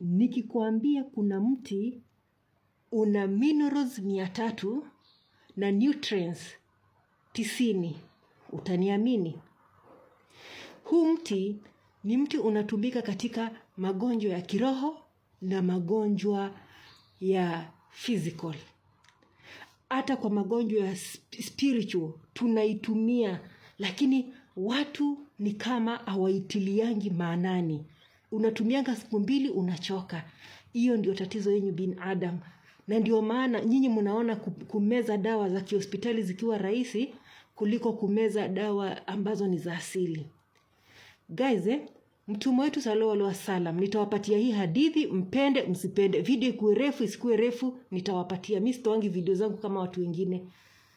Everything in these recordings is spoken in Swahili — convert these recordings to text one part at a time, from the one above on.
Nikikuambia kuna mti una minerals mia tatu na nutrients tisini, utaniamini? Huu mti ni mti unatumika katika magonjwa ya kiroho na magonjwa ya physical, hata kwa magonjwa ya spiritual tunaitumia, lakini watu ni kama hawaitiliangi maanani unatumianga siku mbili unachoka hiyo ndio tatizo yenyu binadamu na ndio maana nyinyi mnaona kumeza dawa za kihospitali zikiwa rahisi kuliko kumeza dawa ambazo ni za asili guys eh? mtume wetu sallallahu alaihi wasallam nitawapatia hii hadithi mpende msipende video ikuwe refu isikuwe refu nitawapatia mi sitoangi video zangu kama watu wengine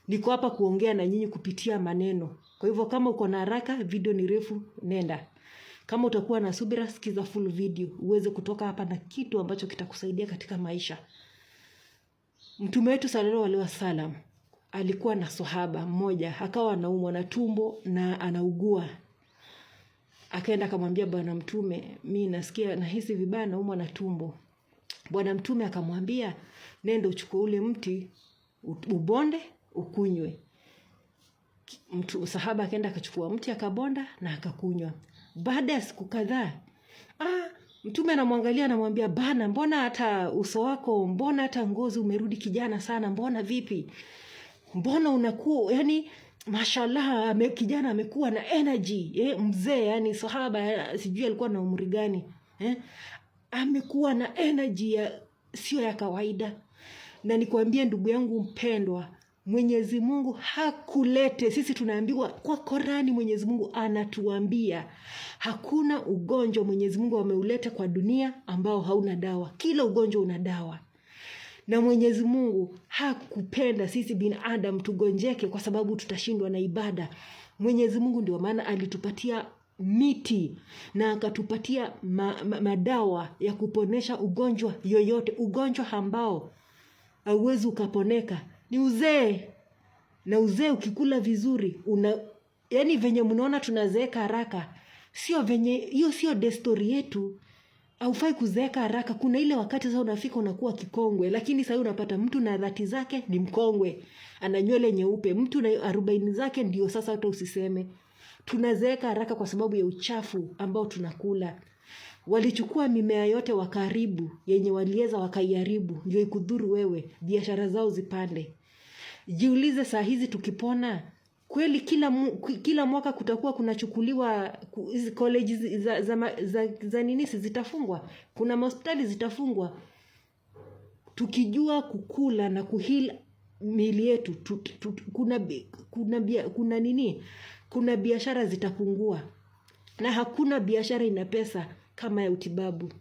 niko hapa kuongea na nyinyi kupitia maneno kwa hivyo kama uko na haraka video ni refu nenda kama utakuwa na subira, sikiza full video uweze kutoka hapa na kitu ambacho kitakusaidia katika maisha. Mtume wetu salalahu alaihi wasallam alikuwa na sahaba mmoja akawa anaumwa na tumbo na anaugua akaenda akamwambia bwana mtume mi nasikia nahisi vibaya naumwa na tumbo bwana mtume akamwambia nenda uchukue ule mti ubonde ukunywe mtu sahaba akaenda akachukua mti akabonda na akakunywa baada ya siku kadhaa ah, mtume anamwangalia anamwambia, bana, mbona hata uso wako, mbona hata ngozi umerudi kijana sana, mbona vipi, mbona unakuwa yani mashallah ame, kijana amekuwa na energy eh, mzee yani sahaba sijui alikuwa na umri gani eh, amekuwa na energy ya sio ya kawaida. Na nikwambie ndugu yangu mpendwa, Mwenyezi Mungu hakulete. Sisi tunaambiwa kwa Korani, Mwenyezi Mungu anatuambia hakuna ugonjwa Mwenyezi Mungu ameuleta kwa dunia ambao hauna dawa. Kila ugonjwa una dawa, na Mwenyezi Mungu hakupenda sisi binadam tugonjeke kwa sababu tutashindwa na ibada. Mwenyezi Mungu ndio maana alitupatia miti na akatupatia ma, ma, madawa ya kuponesha ugonjwa yoyote, ugonjwa ambao hauwezi ukaponeka ni uzee na uzee ukikula vizuri una yaani venye mnaona tunazeeka haraka sio venye hiyo sio destori yetu haufai kuzeeka haraka kuna ile wakati sasa unafika unakuwa kikongwe lakini sahii unapata mtu na dhati zake ni mkongwe ana nywele nyeupe mtu na arobaini zake ndio sasa hata usiseme tunazeeka haraka kwa sababu ya uchafu ambao tunakula Walichukua mimea yote wakaribu yenye waliweza wakaiharibu ndio ikudhuru wewe, biashara zao zipande. Jiulize saa hizi tukipona kweli, kila mu, kila mwaka kutakuwa kunachukuliwa hizi koleji za, za, za, za ninisi zitafungwa, kuna mahospitali zitafungwa, tukijua kukula na kuhil mili yetu kuna, kuna, kuna, kuna nini, kuna biashara zitapungua na hakuna biashara ina pesa kama ya utibabu,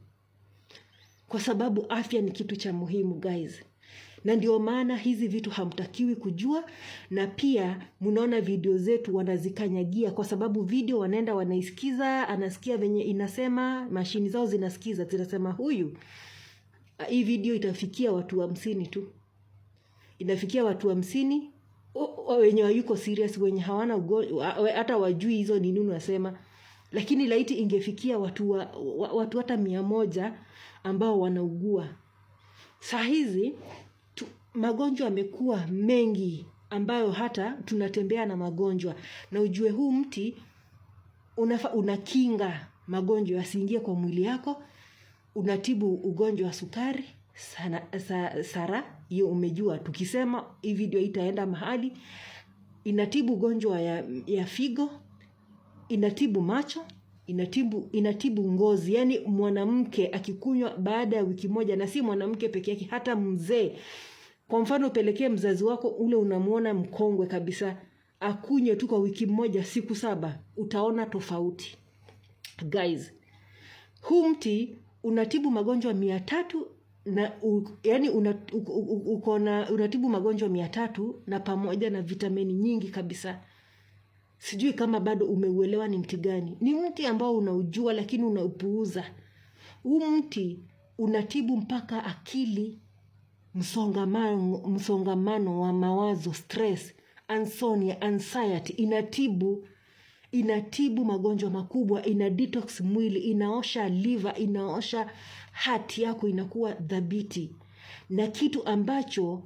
kwa sababu afya ni kitu cha muhimu guys, na ndio maana hizi vitu hamtakiwi kujua, na pia mnaona video zetu wanazikanyagia, kwa sababu video wanaenda wanaisikiza, anasikia venye inasema, mashini zao zinasikiza, zinasema huyu, ah, hii video itafikia watu hamsini tu, inafikia watu hamsini wenye wayuko serious, wenye hawana hata wajui hizo ni nini, unasema lakini laiti ingefikia watu, wa, watu hata mia moja ambao wanaugua. Saa hizi magonjwa amekuwa mengi ambayo hata tunatembea na magonjwa, na ujue huu mti unafa, unakinga magonjwa yasiingie kwa mwili yako, unatibu ugonjwa wa sukari sana, sa, Sara hiyo umejua, tukisema hii video itaenda mahali, inatibu ugonjwa ya, ya figo inatibu macho inatibu inatibu ngozi yaani mwanamke akikunywa baada ya wiki moja na si mwanamke peke yake hata mzee kwa mfano upelekee mzazi wako ule unamwona mkongwe kabisa akunywe tu kwa wiki moja siku saba utaona tofauti guys huu mti unatibu magonjwa mia tatu na u, yani una, u, u, u, ukona, unatibu magonjwa mia tatu na pamoja na vitamini nyingi kabisa sijui kama bado umeuelewa ni mti gani ni mti ambao unaujua lakini unaupuuza huu mti unatibu mpaka akili msongamano, msongamano wa mawazo stress ansonia anxiety inatibu inatibu magonjwa makubwa ina detox mwili inaosha liver inaosha hati yako inakuwa dhabiti na kitu ambacho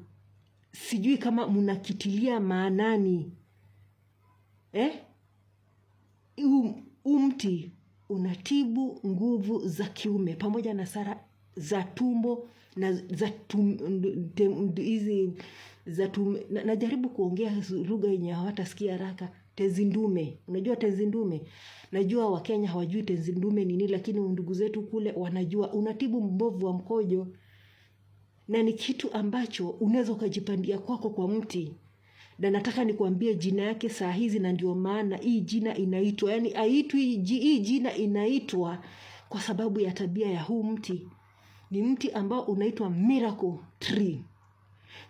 sijui kama mnakitilia maanani eh? um, mti unatibu nguvu za kiume pamoja na sara za tumbo na za hizi za tum, na, kuongea lugha yenye hawatasikia haraka tezindume unajua tezindume najua wakenya hawajui tezindume nini lakini ndugu zetu kule wanajua unatibu mbovu wa mkojo na ni kitu ambacho unaweza ukajipandia kwako kwa mti na nataka nikuambie jina yake saa hizi, na ndio maana hii jina inaitwa yani, aitwi hii jina inaitwa kwa sababu ya tabia ya huu mti. Ni mti ambao unaitwa miracle tree.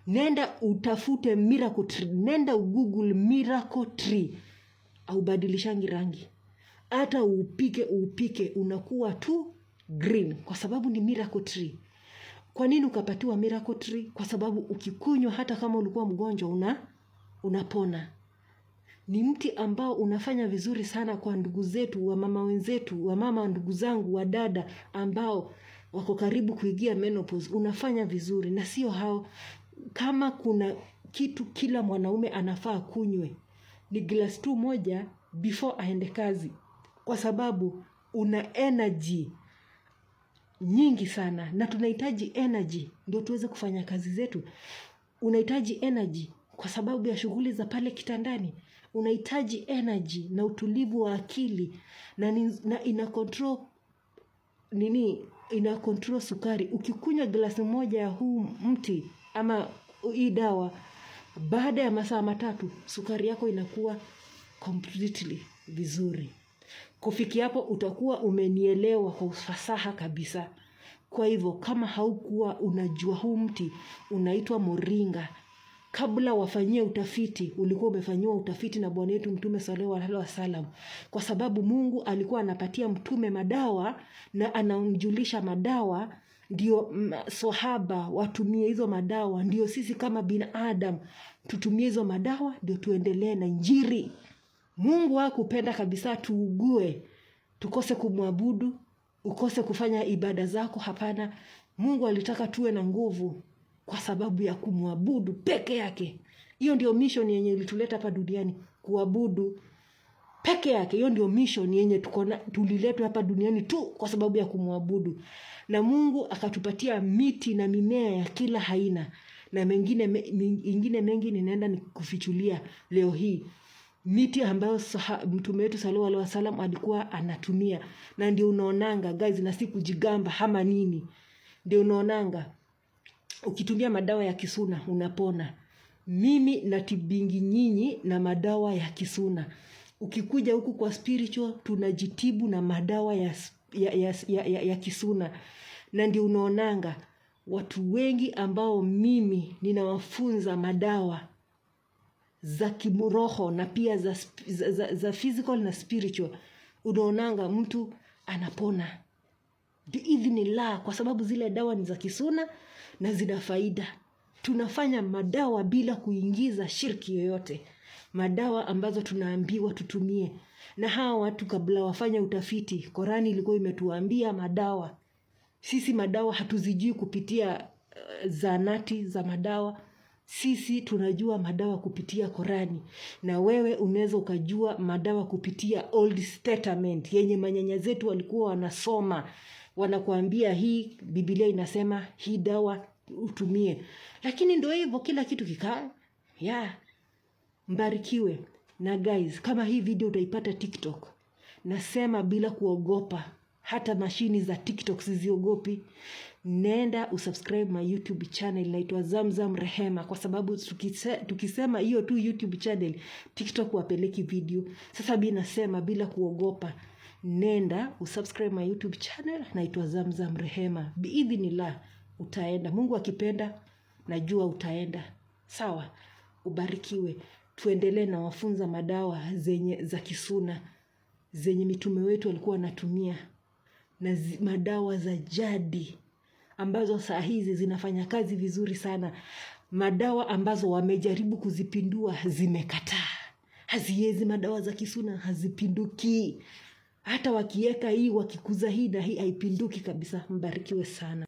Nenda utafute miracle tree, nenda ugoogle miracle tree. Aubadilishangi rangi, hata uupike uupike, unakuwa tu green kwa sababu ni miracle tree. Kwa nini ukapatiwa miracle tree? Kwa sababu ukikunywa, hata kama ulikuwa mgonjwa, una unapona. Ni mti ambao unafanya vizuri sana kwa ndugu zetu, wamama wenzetu, wamama ndugu zangu, wadada ambao wako karibu kuigia menopause. Unafanya vizuri na sio hao. Kama kuna kitu kila mwanaume anafaa kunywe ni glass tu moja before aende kazi. Kwa sababu una energy nyingi sana na tunahitaji energy ndio tuweze kufanya kazi zetu. Unahitaji energy kwa sababu ya shughuli za pale kitandani unahitaji energy na utulivu wa akili na, na ina control nini ina control sukari ukikunywa glasi moja ya huu mti ama hii dawa baada ya masaa matatu sukari yako inakuwa completely vizuri kufikia hapo utakuwa umenielewa kwa ufasaha kabisa kwa hivyo kama haukuwa unajua huu mti unaitwa moringa kabla wafanyie utafiti, ulikuwa umefanyiwa utafiti na Bwana wetu Mtume sallallahu alaihi wasallam, kwa sababu Mungu alikuwa anapatia mtume madawa na anamjulisha madawa ndio mm, sahaba watumie hizo madawa, ndio sisi kama binadamu tutumie hizo madawa, ndio tuendelee na njiri Mungu akupenda kabisa tuugue, tukose kumwabudu, ukose kufanya ibada zako. Hapana, Mungu alitaka tuwe na nguvu kwa sababu ya kumwabudu peke yake hiyo ndio mission yenye ilituleta hapa duniani kuabudu peke yake hiyo ndio mission yenye tukona tuliletwa hapa duniani tu kwa sababu ya kumwabudu na mungu akatupatia miti na mimea ya kila aina na mengine mengine mengi ninaenda nikufichulia leo hii miti ambayo mtume wetu saluu wasalam alikuwa anatumia na ndio unaonanga guys na si kujigamba nini ndio unaonanga ukitumia madawa ya kisuna unapona. Mimi natibingi nyinyi na madawa ya kisuna. Ukikuja huku kwa spiritual tunajitibu na madawa ya, ya, ya, ya, ya, ya kisuna, na ndio unaonanga watu wengi ambao mimi ninawafunza madawa za kimroho na pia za, za, za, za physical na spiritual, unaonanga mtu anapona biidhnillah kwa sababu zile dawa ni za kisuna na zina faida tunafanya madawa bila kuingiza shirki yoyote madawa ambazo tunaambiwa tutumie na hawa watu kabla wafanya utafiti korani ilikuwa imetuambia madawa sisi madawa hatuzijui kupitia uh, eh, zanati za madawa sisi tunajua madawa kupitia korani na wewe unaweza ukajua madawa kupitia old yenye manyanya zetu walikuwa wanasoma wanakuambia hii bibilia inasema hii dawa utumie lakini ndo hivyo kila kitu kikaa ya mbarikiwe na guys kama hii video utaipata tiktok nasema bila kuogopa hata mashini za tiktok ziziogopi nenda usubscribe my youtube channel inaitwa zamzam rehema kwa sababu tukisema hiyo tu youtube channel tiktok wapeleki video sasa bi nasema bila kuogopa nenda usubscribe my youtube channel naitwa zamzam rehema biidhinillah utaenda mungu akipenda najua utaenda sawa ubarikiwe tuendelee na wafunza madawa zenye za kisuna zenye mitume wetu walikuwa wanatumia na zi, madawa za jadi ambazo saa hizi zinafanya kazi vizuri sana madawa ambazo wamejaribu kuzipindua zimekataa haziezi madawa za kisuna hazipinduki hata wakieka hii wakikuza hii na hii haipinduki kabisa mbarikiwe sana